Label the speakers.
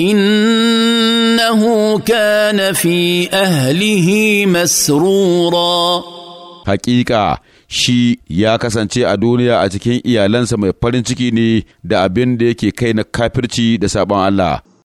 Speaker 1: إنه كان في أهله مسرورا حقيقة shi ya kasance a duniya a
Speaker 2: cikin iyalansa mai farin ciki ne da abin da yake kai na kafirci da sabon Allah